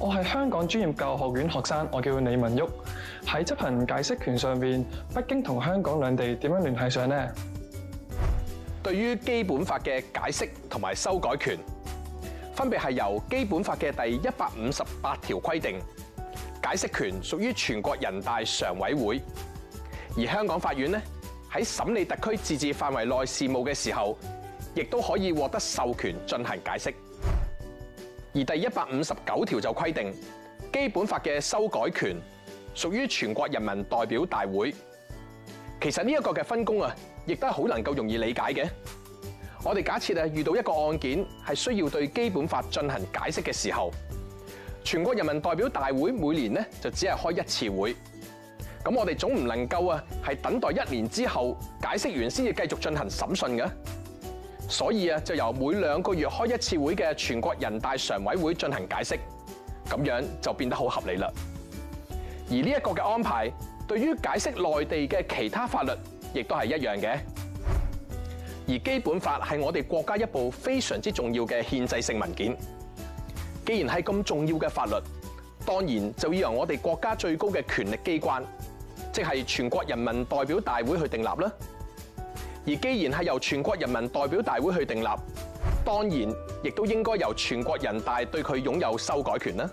我係香港專業教育學院學生，我叫李芠旭。喺執行解釋權上面，北京同香港兩地點樣聯繫上呢？對於基本法嘅解釋同埋修改權，分別係由基本法嘅第一百五十八條規定。解釋權屬於全國人大常委會，而香港法院呢，喺審理特區自治範圍內事務嘅時候，亦都可以獲得授權進行解釋。而第一百五十九條就規定，基本法嘅修改權屬於全國人民代表大會。其實呢一個嘅分工啊，亦都係好能夠容易理解嘅。我哋假設啊，遇到一個案件係需要對基本法進行解釋嘅時候，全國人民代表大會每年咧就只係開一次會。咁我哋總唔能夠啊，係等待一年之後解釋完先至繼續進行審訊嘅。所以啊，就由每兩個月開一次會嘅全國人大常委會進行解釋，咁樣就變得好合理啦。而呢一個嘅安排，對於解釋內地嘅其他法律，亦都係一樣嘅。而基本法係我哋國家一部非常之重要嘅憲制性文件，既然係咁重要嘅法律，當然就要由我哋國家最高嘅權力機關，即係全國人民代表大會去訂立啦。而既然係由全國人民代表大會去訂立，當然亦都應該由全國人大對佢擁有修改權啦。